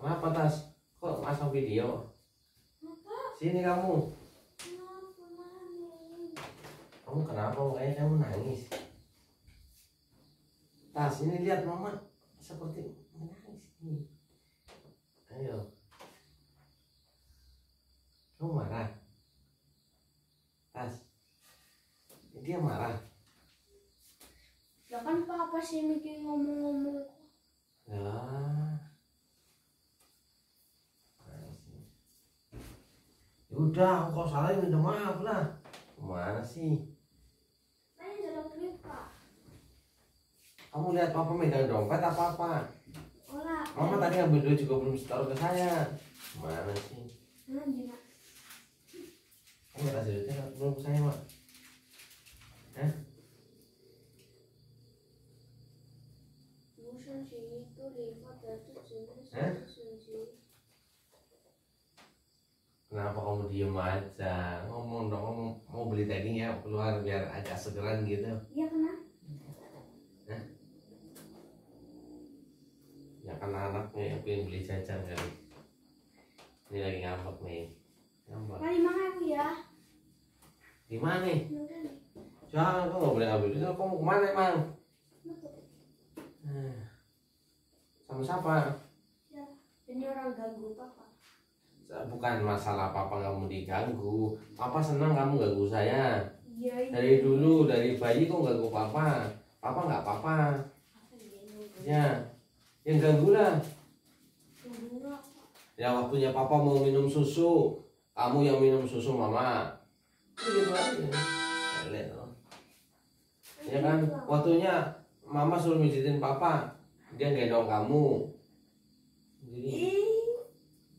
Kenapa Tas? Kok masang video? Bapak. Sini kamu. Kenapa, kamu kenapa kayaknya kamu nangis? Tas ini lihat mama seperti menangis ini. Ayo. Kamu marah? Tas. Dia marah. Ya kan papa sih mikir ngomong-ngomong. Ya. udah kalau salah minta maaf lah mana sih Nanya dorong duit pak kamu lihat papa megang dompet apa apa Olah, mama tadi ngambil duit juga belum setor ke saya mana sih Kamu nggak ada duitnya belum ke saya mak Hah? Kenapa kamu diem aja? Ngomong dong, kamu mau beli daging ya keluar biar agak segeran gitu. Iya kenapa? Hah? Ya karena anaknya yang pengen beli jajan kali. Ini lagi ngambek nih. Ngambek. Mari makan aku ya. Di mana nih? Jangan, aku nggak boleh ngambil itu. Kamu kemana emang? Eh, sama siapa? Ya, ini orang ganggu papa bukan masalah papa nggak mau diganggu papa senang kamu ganggu saya ya, ya. dari dulu dari bayi kok ganggu papa papa nggak papa ya yang ganggu lah ya waktunya papa mau minum susu kamu yang minum susu mama ya kan iya. waktunya mama suruh mijitin papa dia gendong kamu jadi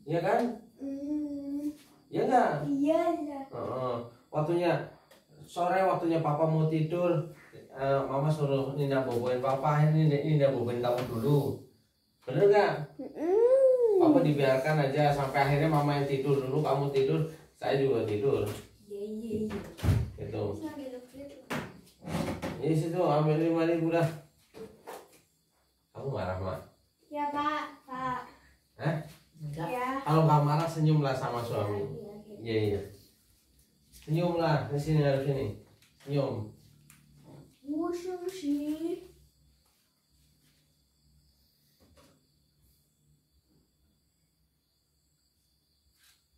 ya kan Mm. Ya enggak? Iya lah. Uh, uh, waktunya sore waktunya papa mau tidur, uh, mama suruh Nina boboin papa ini Nina boboin kamu dulu. Bener enggak? Mm. Papa dibiarkan aja sampai akhirnya mama yang tidur dulu, kamu tidur, saya juga tidur. Iya iya iya. Gitu. Ini situ ambil lima ribu dah. Kamu marah mak? Ya pak, pak. Hah? enggak iya. kalau nggak marah senyumlah sama suami iya iya, iya. iya senyumlah ke sini harus sini senyum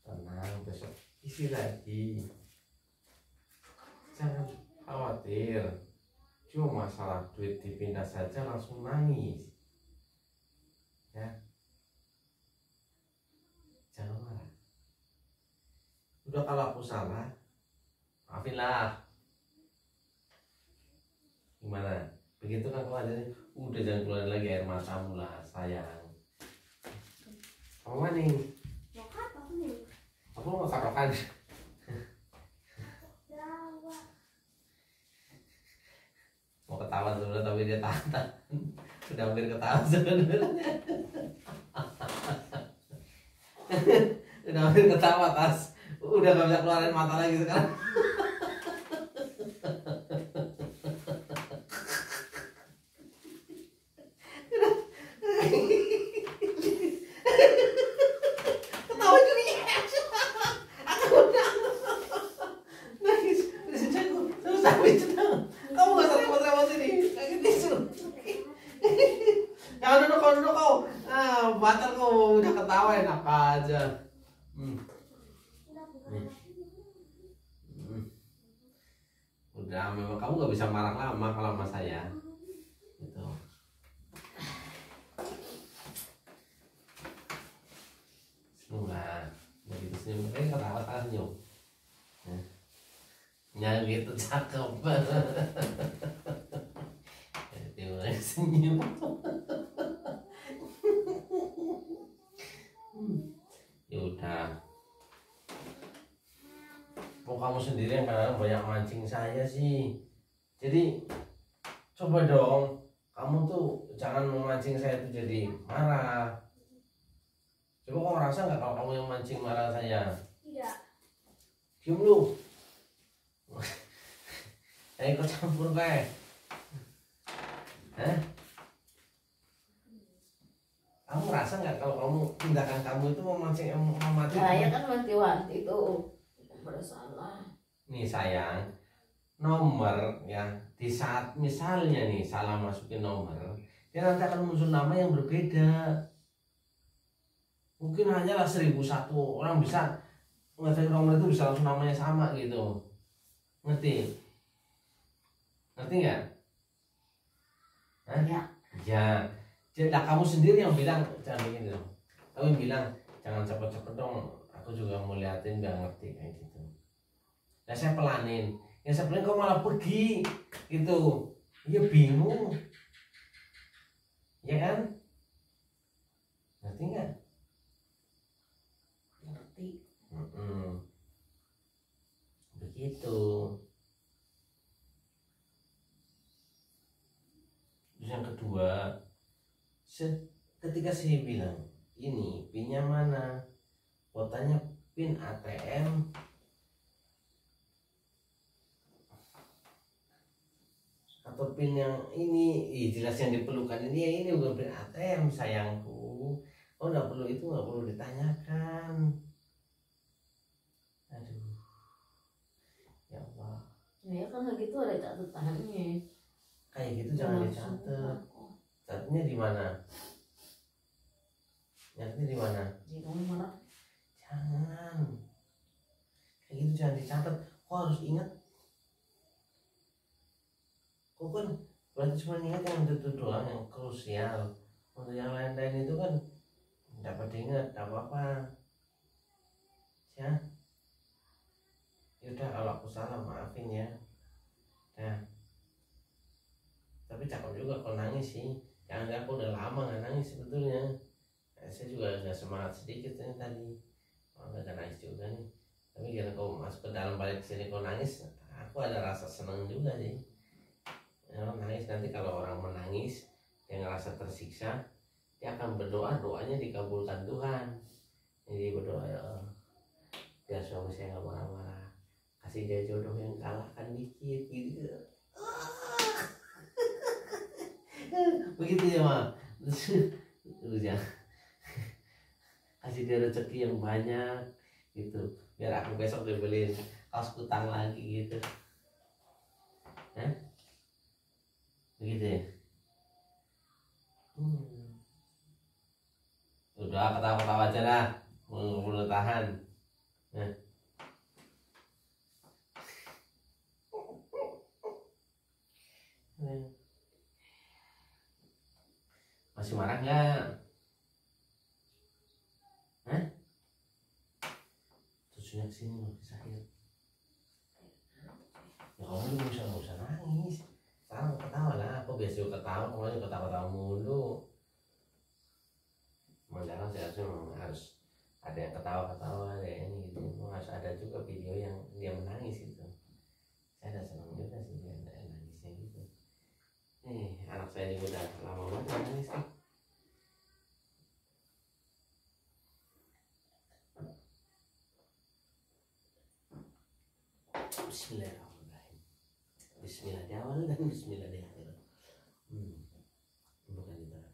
tenang besok isi lagi jangan khawatir cuma masalah duit dipindah saja langsung nangis ya jangan marah udah kalau aku salah maafin lah gimana begitu kan kalau ada udah jangan keluar lagi air matamu lah sayang kamu mana nih aku mau karokan mau ketawa sebenarnya tapi dia tahan udah hampir ketawa sebenarnya udah ketawa tas udah gak bisa keluarin mata lagi sekarang kamu nggak bisa marah lama kalau sama saya gitu eh, senyum jadi begitu senyum eh ketawa kan senyum ya gitu cakep dia senyum ya kok kamu sendiri yang kadang banyak mancing saya sih jadi coba dong kamu tuh jangan memancing saya tuh jadi marah coba kamu rasa nggak kalau kamu yang mancing marah saya tidak iya. cium lu eh kok campur kayak Hah? kamu rasa nggak kalau kamu tindakan kamu itu memancing memancing saya nah, kan wanti itu, tuh bersalah nih sayang nomor ya di saat misalnya nih salah masukin nomor dia nanti akan muncul nama yang berbeda mungkin hanyalah seribu satu orang bisa ngecek nomor itu bisa langsung namanya sama gitu ngerti ngerti nggak ya ya jadi nah, kamu sendiri yang bilang jangan begini gitu. dong kamu bilang jangan cepet-cepet dong aku juga mau liatin nggak ngerti kayak gitu nah saya pelanin ya sebenarnya kau malah pergi gitu ya bingung ya kan ngerti nggak ngerti mm begitu terus yang kedua ketika saya bilang ini pinnya mana kotanya pin ATM ke pin yang ini Ih, jelas yang diperlukan ini ya ini bukan pin ATM sayangku oh nggak perlu itu nggak perlu ditanyakan aduh ya Allah ya, ya kan gitu ada catatannya kayak gitu jangan dicatat catatnya di mana catatnya di mana di mana jangan kayak gitu jangan dicatat kok harus ingat bukan oh, berarti cuma ingat yang itu doang yang krusial untuk yang lain-lain itu kan dapat diingat tidak apa-apa ya yaudah kalau aku salah maafin ya nah tapi cakep juga kalau nangis sih jangan aku udah lama nggak nangis sebetulnya nah, saya juga nggak semangat sedikit nih tadi oh, agak nangis juga nih tapi kalau kau masuk ke dalam balik sini kau nangis aku ada rasa senang juga sih memang ya, nangis nanti kalau orang menangis dia ngerasa tersiksa dia akan berdoa doanya dikabulkan Tuhan jadi berdoa ya biar suami saya nggak marah-marah kasih dia jodoh yang kalahkan dikit gitu begitu ya mah terus ya, kasih dia rezeki yang banyak gitu biar aku besok dibeliin kaos kutang lagi gitu Hah? begitu ya hmm. udah ketawa-ketawa aja lah boleh tahan nah. masih marah nggak Hah? tujuannya kesini loh ya kamu bisa, bisa nggak nangis sekarang ketawa lah aku biasa juga ketawa kemarin ketawa ketawa mulu mendalam seharusnya harus ada yang ketawa ketawa ada yang ini gitu memang harus ada juga video yang dia menangis gitu saya ada senang juga sih dia nangisnya gitu eh anak saya juga udah lama banget nangis nih Bismillahirrahmanirrahim bismillah di awal dan bismillah di akhir hmm. bukan di tengah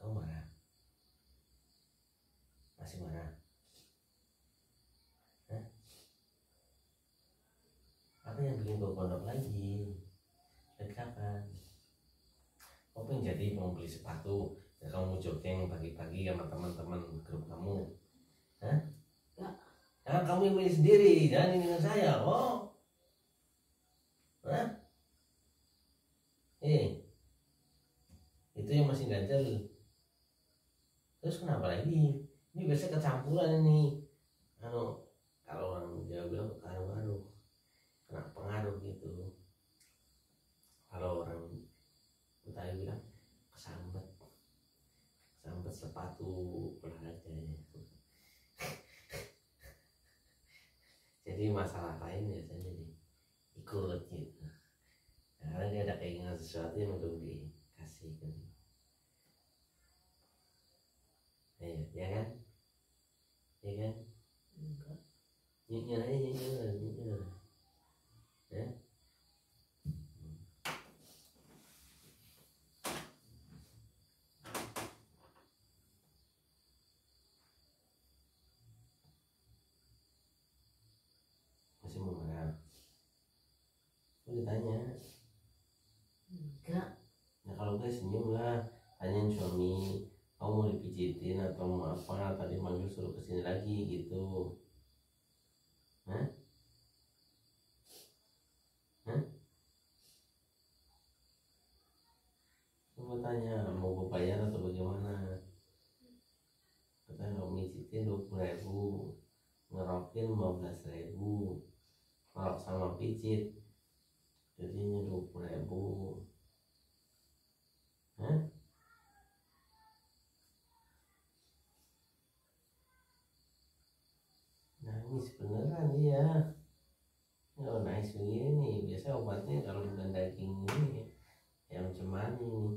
kamu marah masih marah Hah? apa yang bikin kau pondok lagi dari kapan kau pengen jadi mau beli sepatu ya kamu jogging pagi-pagi sama teman-teman grup kamu Hah? Karena kamu yang milih sendiri, jangan dengan saya. Oh. Hah? Eh. Itu yang masih ganjel. Terus kenapa lagi? Ini biasa kecampuran ini. Anu, kalau orang Jawa bilang pengaruh-pengaruh. Kena pengaruh gitu. Kalau orang Betawi bilang kesambet. Kesambet sepatu jadi masalah lain biasanya ikut gitu karena dia ada keinginan sesuatu yang belum dikasih gitu ya, ya kan ya kan nyinyin aja nyinyin nyinyin lagi gitu Hah? Hah? Coba tanya mau gue bayar atau bagaimana Kata dua puluh ribu Ngerokin belas ribu kalau sama picit, Jadinya dua puluh ribu Hah? nangis beneran dia kalau nangis begini nih biasa obatnya kalau bukan daging ini ya macam ini nih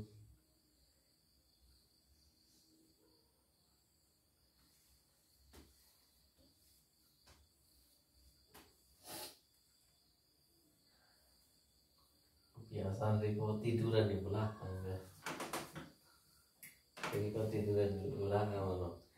biasa Riko tiduran di belakang ya. Riko tiduran di belakang loh.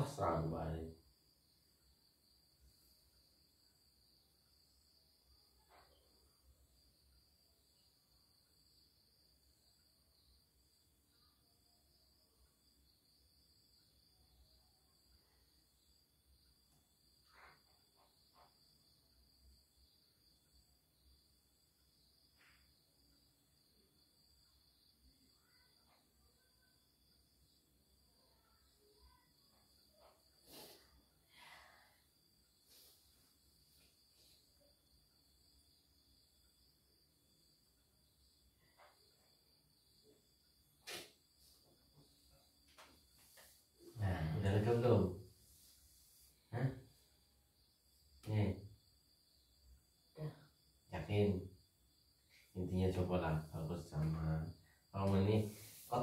wah serang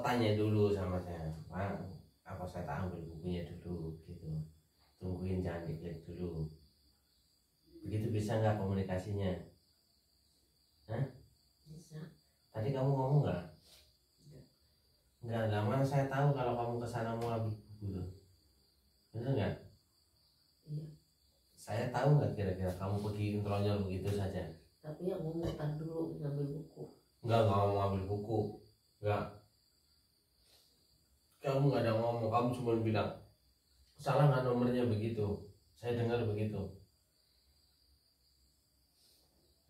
tanya dulu sama saya pak apa saya tak ambil bukunya dulu gitu tungguin jangan diklik dulu begitu bisa nggak komunikasinya Hah? bisa tadi kamu ngomong nggak nggak lama saya tahu kalau kamu kesana mau ambil buku tuh gitu. benar nggak iya saya tahu nggak kira-kira kamu pergi ngelonyol begitu saja tapi yang mau dulu ngambil buku nggak nggak mau ngambil buku nggak kamu nggak ada ngomong kamu cuma bilang salah nggak nomornya begitu saya dengar begitu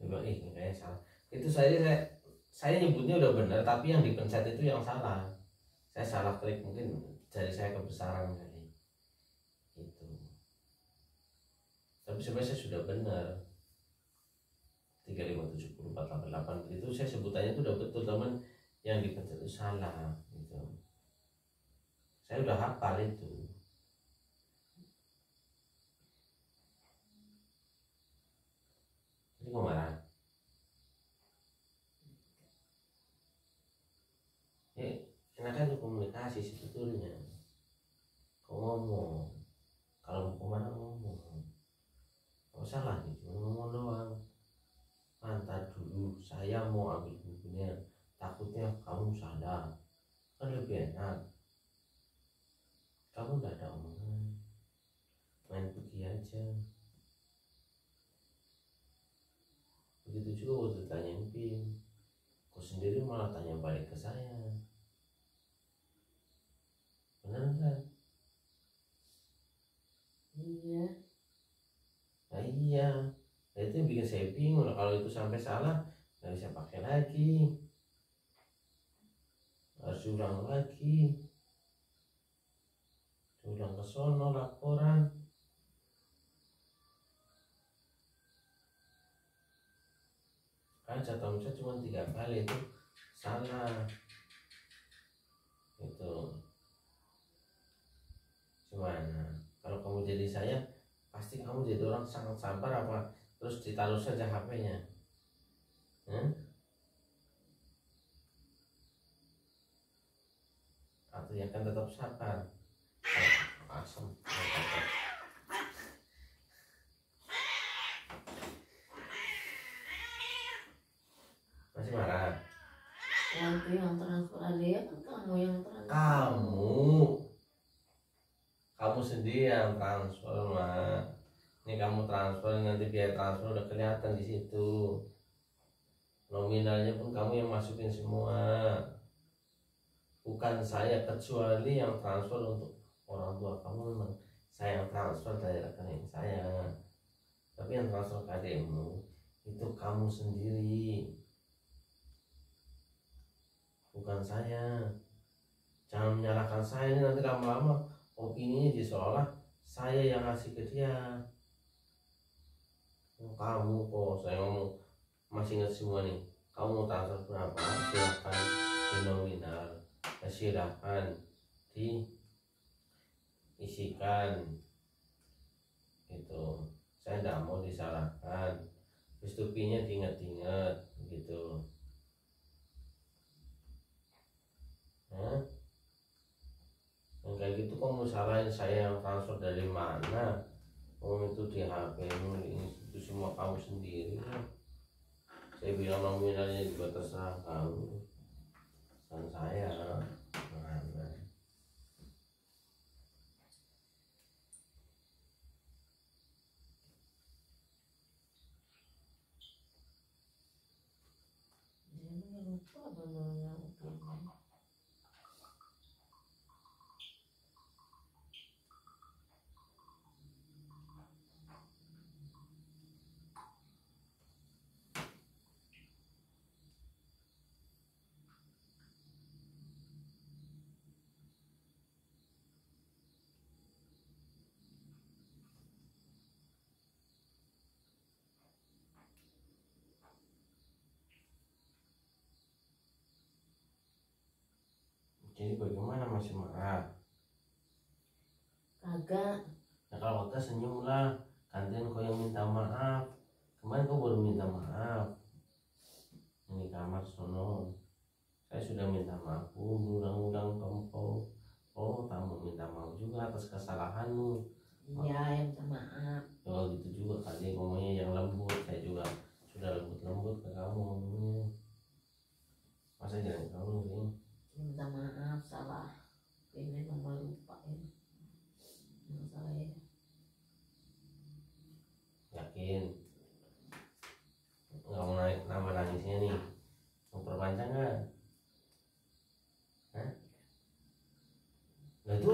dia bilang ih kayaknya salah itu saya saya saya nyebutnya udah benar tapi yang dipencet itu yang salah saya salah klik mungkin jadi saya kebesaran kali itu tapi sebenarnya saya sudah benar tiga 3570 delapan itu saya sebutannya itu udah betul teman yang dipencet itu salah gitu saya udah hafal itu ini mau marah ya enakan tuh komunikasi sebetulnya kau ngomong kalau mau kemana ngomong kau salah nih cuma ngomong doang mantan dulu saya mau ambil bukunya takutnya kamu salah kan lebih enak kamu nggak ada omongan main pergi aja begitu juga waktu tanya pin kau sendiri malah tanya balik ke saya benar nggak iya nah, iya nah, itu yang bikin saya bingung kalau itu sampai salah nggak bisa pakai lagi harus ulang lagi Tulang ke sono laporan. Kan jatah omset cuma tiga kali itu Sana Itu gimana? Kalau kamu jadi saya, pasti kamu jadi orang sangat sabar apa? Terus ditaruh saja HP-nya. Hmm? atau yang akan tetap sabar masih marah? yang transfer dia ya, kan kamu yang transfer. Kamu. Kamu sendiri yang transfer, Mak. Ini kamu transfer nanti biaya transfer udah kelihatan di situ. Nominalnya pun kamu yang masukin semua bukan saya kecuali yang transfer untuk orang tua kamu memang sayang transfer dari rekening saya tapi yang transfer ke adikmu itu kamu sendiri bukan saya jangan menyalahkan saya ini nanti lama-lama opini oh, jadi seolah saya yang ngasih ke dia oh, kamu kok saya mau masih ingat semua nih kamu mau transfer berapa silahkan denominal ya, silahkan di isikan gitu saya tidak mau disalahkan terus diingat-ingat gitu Hah? yang kayak gitu kok mau salahin saya yang transfer dari mana Oh itu di HP itu semua kamu sendiri Saya bilang nominalnya juga terserah kamu. Bukan saya. 做做呢。Jadi bagaimana masih marah? Kagak. Ya kalau kagak senyumlah. Kantin kau yang minta maaf. Kemarin kau baru minta maaf. Ini kamar sono. Saya sudah minta maaf, undang-undang kamu kau. Oh, kamu minta maaf juga atas kesalahanmu. Iya, yang minta maaf. Kalau gitu juga kali ngomongnya yang lembut, saya juga sudah lembut-lembut ke kamu ngomongnya. Masa jangan kamu ini? minta maaf salah ini nomor lupa ini ya yakin nggak mau naik nama nangisnya nih mau perpanjang kan Nah itu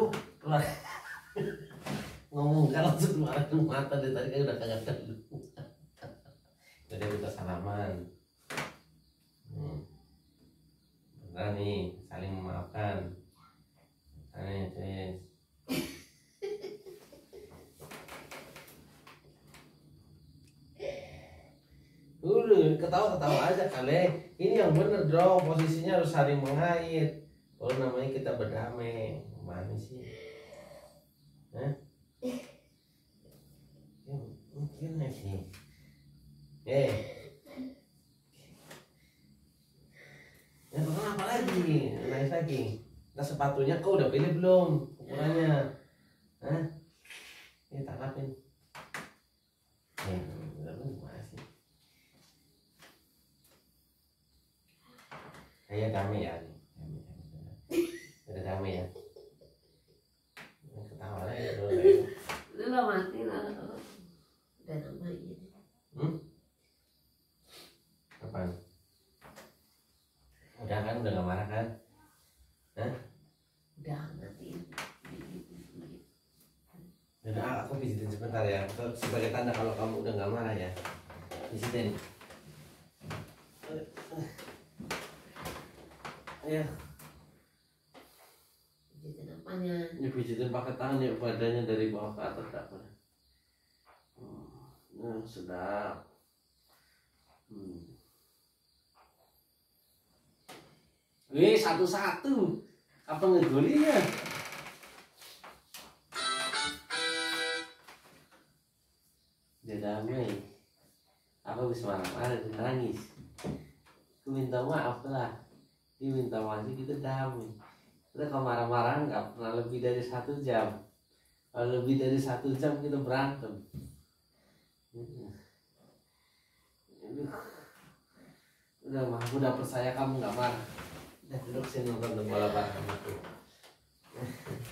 ngomong kalau langsung marah mata dari tadi kan udah kagak dong posisinya harus saling mengait kalau oh, namanya kita berdamai mana sih Hah? Ya, mungkin ya sih eh ya apa lagi naik lagi nah sepatunya kau udah pilih belum ukurannya Hah? ini ya, tangkapin ya. Eh. Kayaknya damai ya. udah damai ya. Ketawa lah ya. Lu lo mati lah. Udah damai ya. Hmm? Kapan? Udah kan udah gak marah kan? Hah? Udah mati. Udah aku pijitin sebentar ya. Sebagai tanda kalau kamu udah gak marah ya. Pijitin. ya pijitin apanya ya pijitin pakai tangan ya badannya dari bawah ke atas tak boleh hmm. nah, sedap hmm. Wih satu-satu apa ngegolinya? Dia damai. Apa bisa marah-marah nangis? Aku minta maaf lah dia minta maju kita damai kita kalau marah-marah nggak pernah lebih dari satu jam kalau lebih dari satu jam kita berantem udah mah aku udah percaya kamu nggak marah udah duduk sini nonton bola bareng aku